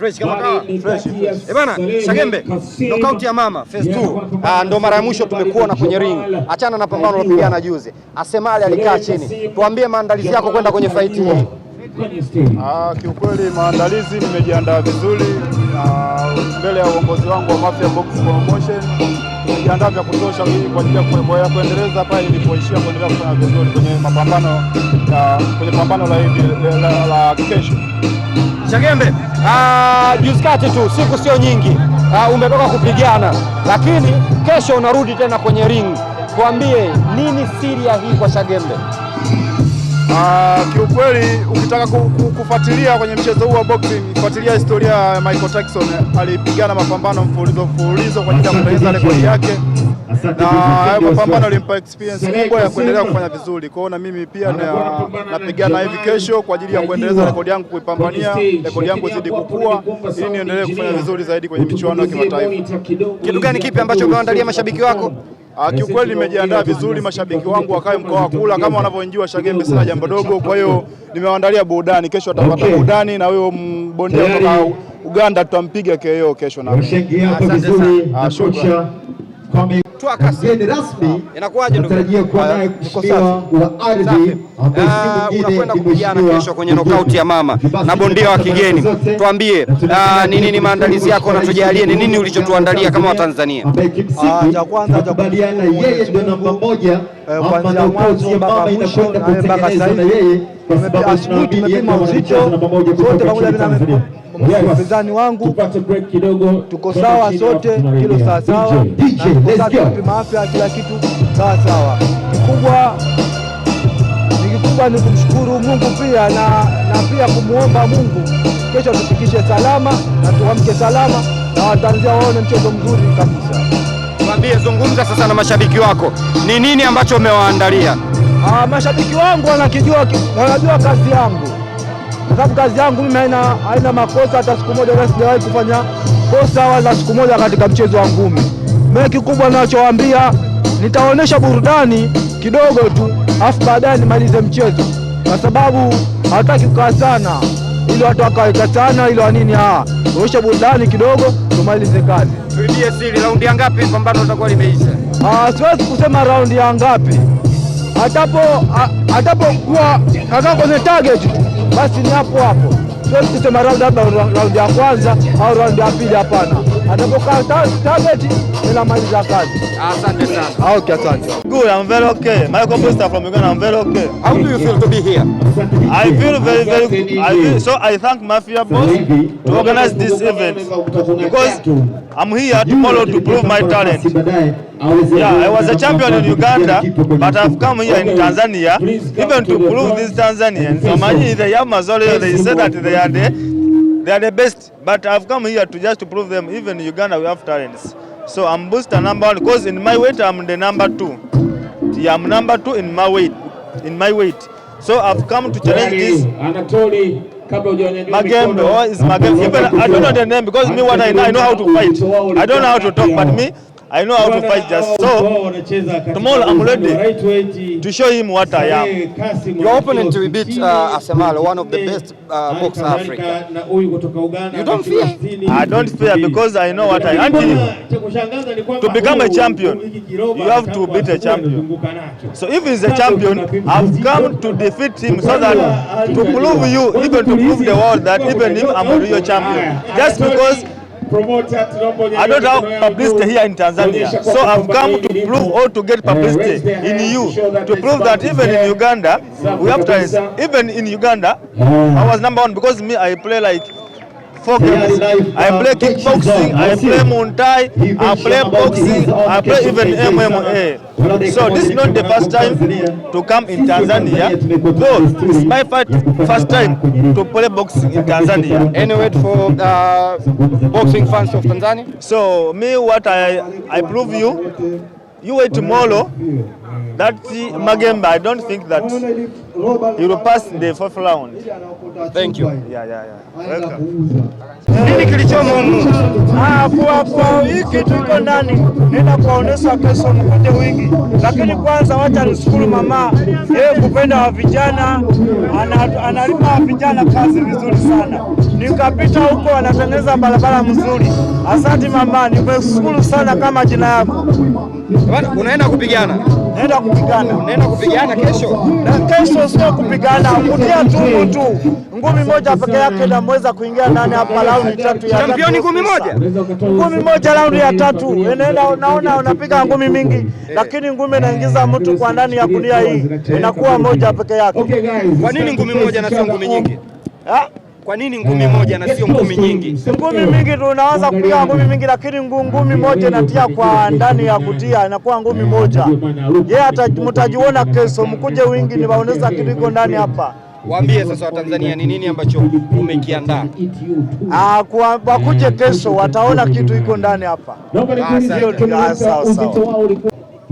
fresh kama kawaida fresh. Eh bana, Shagembe knockout ya mama phase 2 ah, ndo mara ya mwisho tumekuwa na kwenye ring. Achana na pambano la pigana juzi, Asemali alikaa chini. Tuambie maandalizi yako kwenda kwenye fight hii. Ah, kiukweli maandalizi nimejiandaa vizuri na mbele ya uongozi wangu wa Mafia Box Promotion tumejiandaa vya kutosha kwa ajili ya kuendeleza pale nilipoishia kuendelea kufanya vizuri kwenye mapambano kwenye pambano la hivi la kesho. Chagembe, ah, juzi kati tu, siku sio nyingi, ah, umetoka kupigana, lakini kesho unarudi tena kwenye ring. Tuambie nini siri ya hii kwa Changembe? Ah, kiukweli, ukitaka kufuatilia kwenye mchezo huu wa boxing, fuatilia historia ya Michael Jackson. Alipigana mapambano mfululizo mfululizo kwa ajili ya kutengeneza rekodi yake na mapambano alimpa experience kubwa ya kuendelea kufanya vizuri. Kwa hiyo na mimi pia napigana hivi kesho kwa ajili ya kuendeleza rekodi yangu, kuipambania rekodi yangu zidi kukua, ili niendelee kufanya vizuri zaidi kwenye michuano ya kimataifa. Kitu gani kipi ambacho umeandalia mashabiki wako? Ah, kiukweli nimejiandaa vizuri, mashabiki wangu wakae mkoa wa kula kama wanavyoenjoy Shagembe, sina jambo dogo. Kwa hiyo nimewaandalia burudani, kesho atapata burudani na huyo mbondia kutoka Uganda tutampiga KO kesho na mgeni rasmi natarajia kuwa naye mheshimiwa wa ardhi ah, unakwenda kupigana kesho kwenye nokauti ya mama na bondia wa kigeni. Tuambie ah, ni nini maandalizi yako, na tujalie ni nini ulichotuandalia kama Watanzania. Ah, cha kwanza tukubaliana, yeye ndio namba moja eh, hapa, nokauti ya mama inakwenda kutekelezwa na yeye, kwa sababu tunamwamini yeye ndio namba moja kutoka Tanzania wapinzani wangu, tuko sawa sote, kilo sawa sawa, pima afya, kila kitu sawa sawa. Kikubwa ni kikubwa ni kumshukuru Mungu pia na, na pia kumwomba Mungu kesho tufikishe salama na tuamke salama na Watanzania waone mchezo mzuri kabisa. Mwambie, zungumza sasa na mashabiki wako, ni nini ambacho umewaandalia? Ah, mashabiki wangu wanakijua, wanajua kazi yangu kwa sababu kazi yangu mimi haina, haina makosa hata siku moja, na sijawahi kufanya kosa wala siku moja katika mchezo wa ngumi. Mimi kikubwa ninachowaambia nitaonyesha burudani kidogo tu, afu baadaye nimalize mchezo, kwa sababu hataki kukaa sana ili watu wakaweka sana ili wanini. Ah, tuonyeshe burudani kidogo tumalize kazi. Tuidie siri, raundi ya ngapi pambano litakuwa limeisha? Ah, siwezi kusema raundi ya ngapi, atapo atapokuwa kwenye target basi ni hapo hapo, sio tuseme raundi labda raundi ya kwanza au raundi ya pili. Hapana. Atapokaa target ila maliza kazi. Asante sana. Okay, asante. Good, I'm very okay. My composter from Uganda, I'm very okay. How do you feel to be here? I feel very very good. I feel, so I thank Mafia boss to organize this event because I'm here tomorrow to prove my talent. Yeah, I was a champion in Uganda, but I've come here in Tanzania even to prove these Tanzanians. So imagine the Amazon, they said that they are there. They are the best, but I've come here to just to prove them even in Uganda we have talents. So I'm booster number one because in my weight I'm the number two. Yeah, I'm number two in my weight. In my weight. So I've come to challenge yaani, this. Anatoli Magembe, oh, is Magembe. Even I don't know the name because me what I know, I know how to fight. I don't know how to talk, but me I know how to fight just so. Tomorrow I'm ready to show him what I am. Your opponent to beat uh, Asemal, one of the best uh, boxers in Africa. You don't fear? I don't fear because I know what I am. To become a champion, you have to beat a champion. So if he's a champion, I've come to defeat him so that to prove you, even to prove the world that even him I'm a real champion. Just because I don't have publicity here in Tanzania. So I've come to prove or to get publicity in you, to prove that even in Uganda, we have to, even in Uganda, I was number one because me, I play like four uh, I play kickboxing, I play Muntai, I play boxing, I play even MMA. So this is not the first time to come in Tanzania. Though it's my first time to play boxing in Tanzania. Any word for uh, boxing fans of Tanzania? So me what I, I prove you, you wait tomorrow that Magemba, I don't think that he will pass the fourth round. Thank you. Yeah, yeah, yeah. Welcome. Nini kilichomo humu? Ah, hapo hapo wiki tuko ndani. Nenda kuwaonesha kesho mkute wingi. Lakini kwanza wacha nishukuru mama. Yeye kupenda wa vijana, analima wa vijana kazi vizuri sana. Nikapita huko anatengeneza barabara mzuri. Asante mama, nimeshukuru sana kama jina yako. Unaenda kupigana? Nenda kupigana, nenda kupigana kesho na kesho, sio kupigana, kutia tu mtu Ngumi moja peke yake inamweza kuingia ndani hapa raundi tatu ya championi. Ngumi moja, ngumi moja raundi ya tatu, nenda unaona, unapiga ngumi mingi, lakini ngumi inaingiza mtu kwa ndani ya gunia hii, inakuwa moja peke yake. Kwa nini ngumi moja na sio ngumi nyingi? Ah? Kwa nini ngumi moja na sio ngumi nyingi? Ngumi mingi tunaanza kupiga ngumi mingi, lakini ngumi moja inatia kwa ndani ya kutia, inakuwa ngumi moja ye hata mtajiona kesho, mkuje wingi niwaoneza kitu iko ndani hapa. Waambie sasa Watanzania ni nini ambacho umekiandaa? Ah, kwa wakuje kesho wataona kitu iko ndani hapa.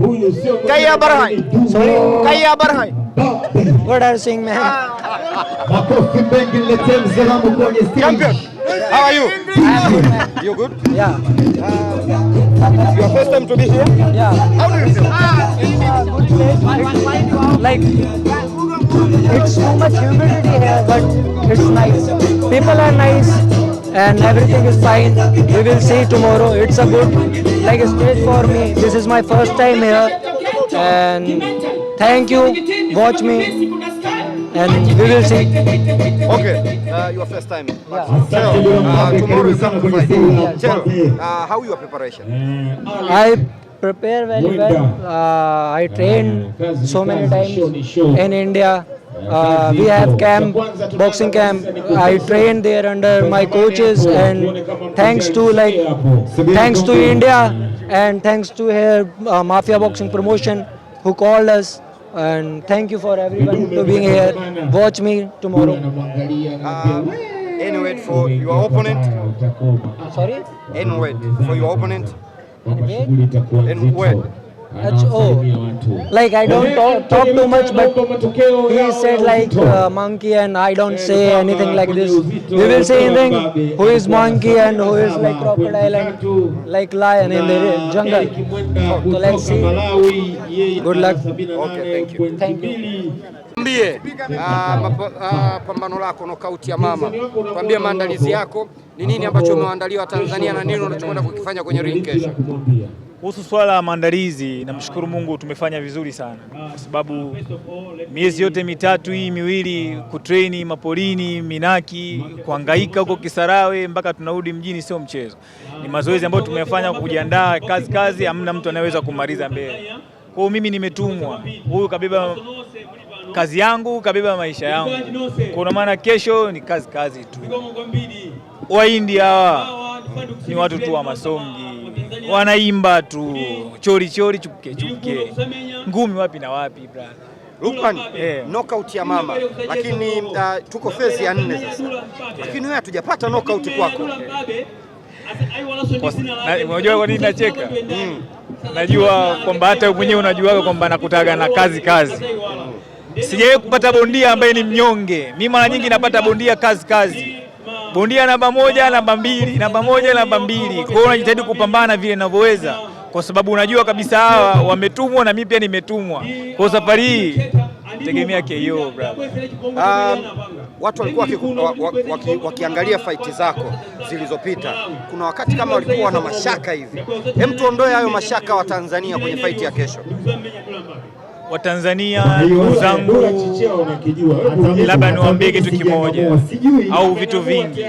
कई अबर हैं सॉरी कई अबर हैं गोडर सिंह में आपको किपे के लिए चेक जरा मुको ने champion how are you you good yeah you are first time to be here yeah how do you feel like It's so much humidity here, but it's nice. People are nice. and everything is fine. We will see tomorrow. It's a good like a stage for me. This is my first time here and thank you. Watch me and we will see. Okay, uh, your first time. Yeah. uh, tomorrow you come to uh, how your preparation? Uh, I prepare very well. Uh, I train uh, so many times in India. Uh, we have camp, boxing camp. I trained there under my coaches, and thanks to like, thanks to India, and thanks to her uh, Mafia Boxing Promotion who called us. And thank you for everyone to being here. Watch me tomorrow. Anyway, uh, Inuit for your opponent. Sorry. Inuit for your opponent. Inuit. HO. Like I don't talk, talk too much, but he said like uh, monkey and I don't say anything like this. We will say anything. Who is monkey and who is like crocodile and like lion in the jungle. So let's see. Good luck. Okay, thank you. Thank you. Kwambie ah, ah, pambano lako nokauti ya mama, kwambie maandalizi yako ni nini ambacho umeandaliwa Tanzania na nini unachokwenda kukifanya kwenye ring kesho. Kuhusu swala la maandalizi, namshukuru Mungu tumefanya vizuri sana, kwa sababu miezi yote mitatu hii miwili kutreni mapolini, Minaki, kuhangaika huko Kisarawe mpaka tunarudi mjini sio mchezo, ni mazoezi ambayo tumefanya kujiandaa. Kazi kazi, hamna mtu anayeweza kumaliza mbele. Kwa hiyo mimi nimetumwa, huyu kabeba kazi yangu, kabeba maisha yangu, kwa maana kesho ni kazi kazi tu. Waindi hawa ni watu tu wa masongi, wanaimba tu chori chori, chupuke chupuke, ngumi wapi na wapi brother. Lukman, yeah. Eh. Knockout ya mama lakini uh, tuko phase ya nne sasa, lakini wewe hatujapata knockout kwako. Unajua kwa nini nacheka? mm. Najua kwamba hata mwenyewe unajua kwamba nakutaga na kazi kazi. Hmm. Sijawahi kupata bondia ambaye ni mnyonge. Mimi mara nyingi napata bondia kazi kazi bondia namba moja, namba mbili, namba moja, namba mbili. Kwa hiyo unajitahidi kupambana vile ninavyoweza, kwa sababu unajua kabisa hawa wametumwa na mimi pia nimetumwa. Kwa safari hii tegemea KO brother. Ah, watu walikuwa wakiangalia waki, faiti zako zilizopita, kuna wakati kama walikuwa na mashaka hivi, hem, tuondoe hayo mashaka wa Tanzania kwenye faiti ya kesho. Watanzania zangu, labda niwaambie kitu kimoja au vitu vingi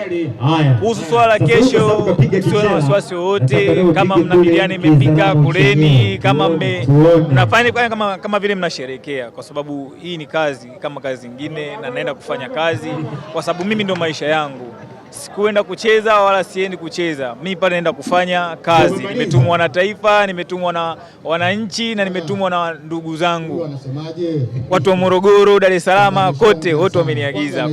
kuhusu swala la kesho. Sio na wasiwasi wowote, kama mna biliani imepika kuleni, kama mnafanya kama, kama vile mnasherekea, kwa sababu hii ni kazi kama kazi nyingine, na naenda kufanya kazi kwa sababu mimi ndio maisha yangu sikuenda kucheza wala siendi kucheza. Mimi pale naenda kufanya kazi, nimetumwa na taifa, nimetumwa na wananchi na nimetumwa na ndugu zangu, watu wa Morogoro, Dar es Salaam, kote wote wameniagiza.